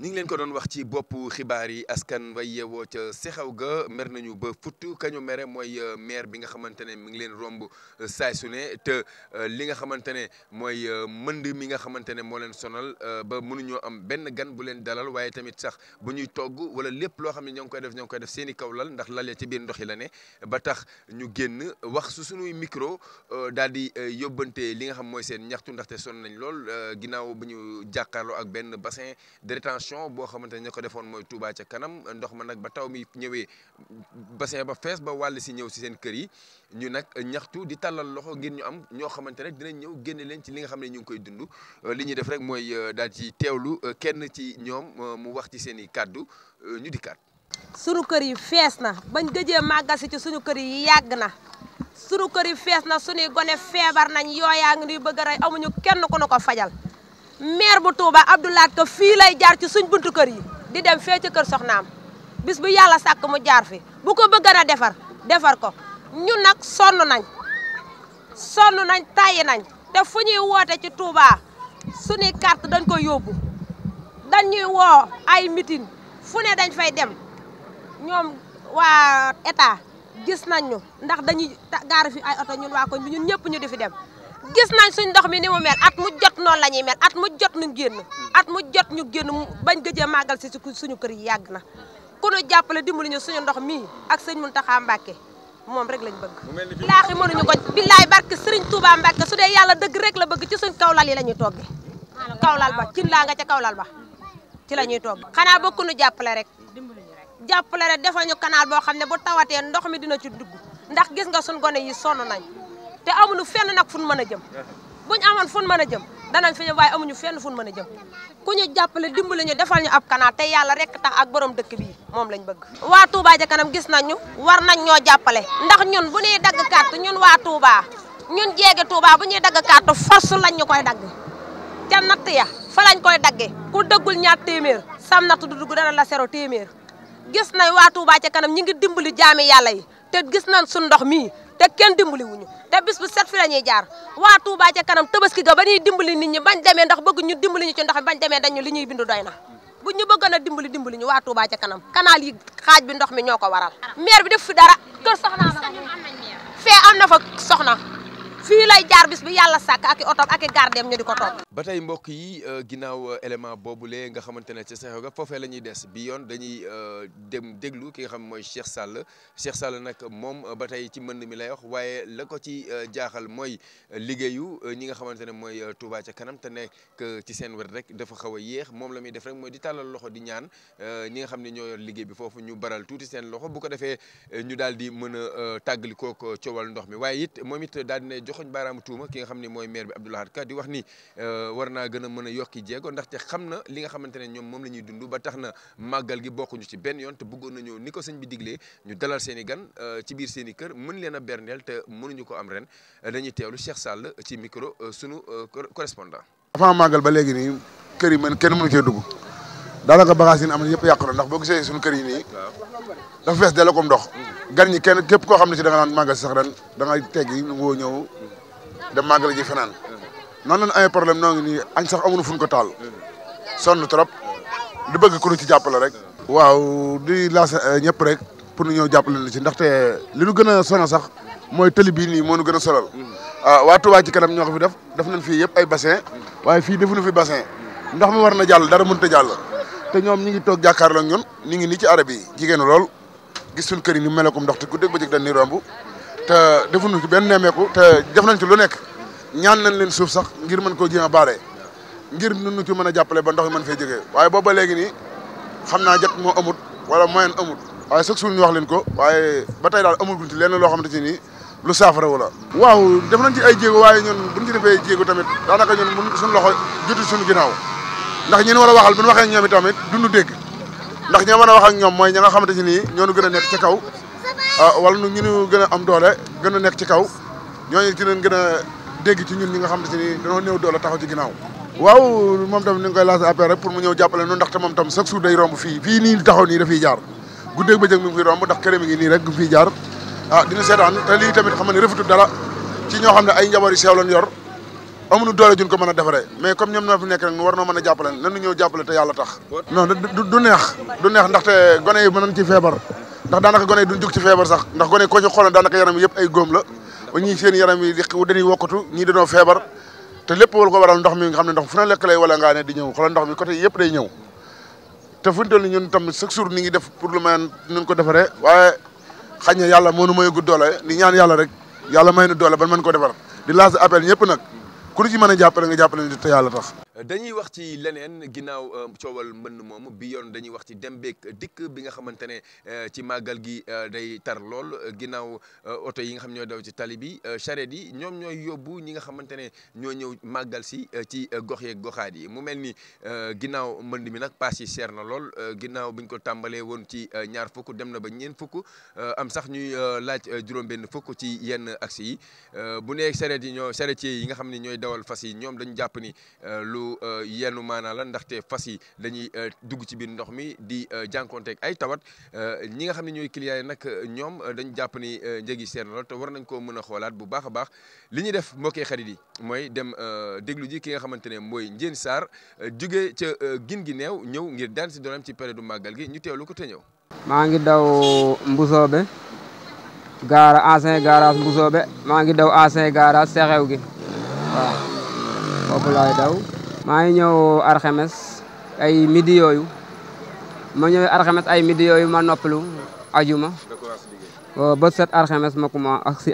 ni ngi leen ko doon wax ci bopp xibaar yi askan way yeewoo ca sexaw ga mer nañu ba futt kañu mere mooy euh, maire bi nga xamante ne mi ngi leen romb euh, saay su ne te euh, li nga xamante ne mooy mënd mi nga xamante ne moo leen sonal ba mënuñoo am benn gan bu leen dalal waaye tamit sax bu ñuy togg wala lépp loo xam ne ñoo ngi koy def ñoo koy def seen kaw lal ndax lal ya ci biir ndox yi la ne ba tax ñu génn wax su suñuy micro daal di yóbbante li nga xam mooy seen ñaxtu ndaxte sonn nañ lool ginnaaw bu ñu jàkkaarloo ak benn bassin inondation boo xamante ne ña ko defoon mooy Touba ca kanam ndox ma nag ba taw mi ñëwee bassin ba fees ba wàll si ñëw si seen kër yi ñu nag ñaxtu di tàllal loxo ngir ñu am ñoo xamante ne dinañ ñëw génne leen ci li nga xam ne ñu koy dund euh, li ñuy def rek mooy euh, daal ci teewlu euh, kenn ci ñoom mu wax ci seen i kàddu ñu di kaat sunu kër yi fees na bañ gëjee màggal si ci suñu kër yi yàgg na sunu kër yi fees na suñuy gone feebar nañ yooyaa ngi nuy bëgg a rey amuñu kenn ku nu ko fajal maire bu Touba Abdou ko fi lay jaar ci suñ buntu kër yi di dem fete kër bis bu yalla sak mu jaar fi bu ko bëgg na defar defar ko ñun nak sonu nañ sonu nañ tàyyi nañ te fuñuy wote ci Touba suñuy carte dañ ko yobbu dañ ñuy wo ay meeting fune dañ fay dem ñom wa état gis nañ ñu ndax dañuy gar fi ay auto ñun wa ko ñun ñepp ñu di fi dem gis nañ suñ ndox mi ni mu mel at mu jot noonu la ñuy mel at mu jot ñu génn at mu jot ñu génn bañ gëjee màggal si suñu kër yi yàgg na ku ñu jàppale dimbali ñu suñu ndox mi ak sëñ taxa Mbàkke moom rek lañ bëgg billaahi mënuñu ko billaay barke sëriñ Touba Mbàkke su dee yàlla dëgg rek la bëgg ci suñ kawlal yi la ñuy togge kawlal ba cin laa nga ca kawlal ba ci la ñuy togg xanaa ba ku ñu jàppale rek jàppale rek defal ñu canal boo xam ne bu tawatee ndox mi dina ci dugg ndax gis nga suñ gone yi sonn nañ te amuñu fenn nag fuñ mën a jëm buñu amoon fuñ mën a jëm danañ fi ñëw amuñu fenn fuñ mën a jëm ku ñu jàppale dimbali ñu defal ñu ab canal te yàlla rek tax ak borom dëkk bii moom lañ bëgg waa Touba ja kanam gis nañu war nañ ñoo jàppale ndax ñun bu ñuy dagg carte ñun waa Touba ñun jeege Touba bu ñuy dagg carte force lañ ñu koy dagg ca natt ya fa lañ koy dagge ku dëggul ñaar téeméer sam natt du dugg dana la sero téeméer gis na waa Touba ca kanam ñi ngi dimbali jaami yàlla yi te gis nañ suñ ndox mii te kenn dimbali wuñu te bis bu set fi la ñuy jaar waa Touba ca kanam tabaski ga ba ñuy dimbali nit ñi bañ demee ndax bëgg ñu dimbali ñu ci ndox mi bañ demee dañu li ñuy bindu doy na bu ñu bëggoon a dimbali dimbali ñu waa Touba ca kanam canal yi xaaj bi ndox mi ñoo ko waral maire bi def fi dara kër soxna na fa soxna fii lay jaar bis bi yàlla sàkk ak i oto ak i gardeem ñu di ko topp. ba tey mbokk yi euh, ginnaaw euh, élément boobule nga xamante ne ca Seexu ga la ñuy des bi yoon dañuy euh, dem déglu ki nga xam mooy Cheikh Sall Cheikh Sall nag moom ba tey ci mbënd mi lay wax waaye la ko ci jaaxal mooy liggéeyu ñi nga xamante ne mooy Touba ca kanam te nekk ci seen wet rek dafa xaw a yéex moom la muy def rek mooy di tàllal loxo di ñaan ñi nga xam ne ñoo yor liggéey bi foofu ñu baral tuuti seen loxo bu ko defee ñu daal di mën a tàggali kook coowal ndox mi joxoñ baaraamu tuuma ki nga xam ne mooy maire bi Abdou Lahad Ka wax ni euh, war naa gën a mën a yokki jéego ndaxte xam na li nga xamante ne ñoom moom la ñuy dund ba tax na màggal gi bokkuñu ci benn yoon te buggoon bëggoon nañoo ni ko sëñ bi diglee ñu dalal seen i gan euh, ci biir seen i kër mën leen a berndeel te mënuñu ko am ren dañuy teelu Cheikh sàll ci micro euh, sunu correspondant. avant màggal ba léegi nii kër yi man kenn mënu cee dugg daanaka bagage yi am na yëpp ndax boo gisee kër yi da fess delloo comme ndox. gan ñi kenn kep ko xamni ci da nga nan magal sax ren da nga teggi wo ñew da magal ji fanaan. non lañ ay problème noo ni nii añ sax amuñu fuñ ko tal sonu trop du bëgg ko ñu ci jappal rek. waaw di la euh, ñep rek pour ñu ñew jappal ñu ci ndaxte li ñu gëna a sonal sax moy tëli bi ni mo ñu gëna a sonal. Mm. Ah, waa Touba ci kanam ñoo fi def def nañ fii yëpp ay bassin fi fii ñu fi bassin ndox mi war na jall dara mënta jall te ñoom ñi ngi tok jakarlo ak ñun ñi ngi ni ci arabiy jigéenu lool. gis suñ kër yi ni mel ko ndox te guddeeg bëccëg dañ ni romb te defuñu ci benn nemmeeku te def nañ ci lu nekk ñaan nañ leen suuf sax ngir mën koo jéem a baale ngir nunu ci mën a jàppale ba ndox mi mën fay jógee waaye booba léegi nii xam naa jot moo amut wala moyen amut waaye chaque jour ñu wax leen ko waaye ba tey daal amul guñ ci lenn loo xamante ci nii lu saafara wala waaw def nañ ci ay jéego waaye ñun buñ ci defee jéego tamit daanaka ñoon mun suñu loxo jotul suñu ginaaw ndax ñeen war a waxal nu waxee ñoom tamit duñu dégg ndax ña mën a wax ak ñoom mooy ña nga xamante ci nii ñoonu gën a nekk ci kaw ah, wala ñu ñu gën a am doole gën a nekk ci kaw ñooñu dinañ gën a dégg ci ñun ñi nga xamante ci nii dañoo néew doole taxaw ci ginnaaw waaw moom tam ni nga koy lancé appel rek pour mu ñëw jàppale noonu ndaxte moom tam chaque jour day romb fii fii nii taxaw nii dafiy jaar guddeeg bëccëg mi ngi romb ndax këram mi nii rek du fiy jaar ah dina seetaan te lii tamit xam ne dara ci ñoo xam ne ay njaboot yu seew lañ am amuñu doole juñ ko mën a defaree mais comme ñoom ñoo nekk rek war noo a jàppale nan ñu ñëw jàppale te yàlla tax non du neex ndaxte gone yi mën nañ ci feebar ndax daanaka gone yi duñ jug ci feebar sax ndax gone yi koo ci xoolee daanaka yaram yi yëpp ay góom la ba ñii seen yaram yi dañuy feebar te lépp wal ko waral ndox mi nga xam ne ndox fu na lekk wala ngaa ne di ñëw xoolal ndox mi côté yëpp day ñëw te fu ñu toll ñun tam chaque ni ngi def pour lu mel nun ko defaree waaye xañ na yàlla moo nu may gudd doole di ñaan yàlla rek yàlla may nu doole ba mën ko defar di lancer appel ñëpp nag ku ci mën a jàppale nga jàppale te yàlla tax dañuy wax ci leneen ginnaaw euh, coowal mbënn moomu bi yoon dañuy wax ci dem beeg dikk bi nga xamante ne euh, ci màggal gi euh, day tar lool ginnaaw oto yi nga xam ñoo daw ci tali bi charrette yi ñoom ñooy yóbbu ñi nga xamante ne ñoo ñëw màggal si ci gox yeeg goxaat yi mu mel ni ginnaaw mbënd mi nag paas yi seer na lool ginnaaw bi ñu ko tàmbalee woon ci ñaar fukk dem na ba ñeent fukk am sax ñuy laaj juróom-benn fukk ci yenn accès yi bu nee charrette yi ñoo charretier yi nga xam ne ñooy dawal fas yi ñoom dañu jàpp ni lu lu euh, yenn maanaa la ndaxte fas yi dañuy euh, dugg ci biir ndox mi di euh, jànkonteeg ay tawat ñi nga xam ne ñooy clients yi nag ñoom dañ jàpp ni njëg yi seer na lool te war nañ koo mën a xoolaat bu baax a baax li ñuy def mbokkee xarit yi mooy dem déglu ji ki nga xamante ne mooy Ndiéne Sarr jugee ca gin gi neew ñëw ngir daan si doonam ci période màggal gi ñu teewlu ko te ñëw. maa ngi daw Mbusoobe gaara ancien garage Mbusoobe maa ngi daw ancien garage Sexew gi waaw daw. maa ngi ñëw alxames ay midi yooyu ma ñëwee alxames ay midi yooyu ma noppalu ajuma ba set alxames ma kuma ak si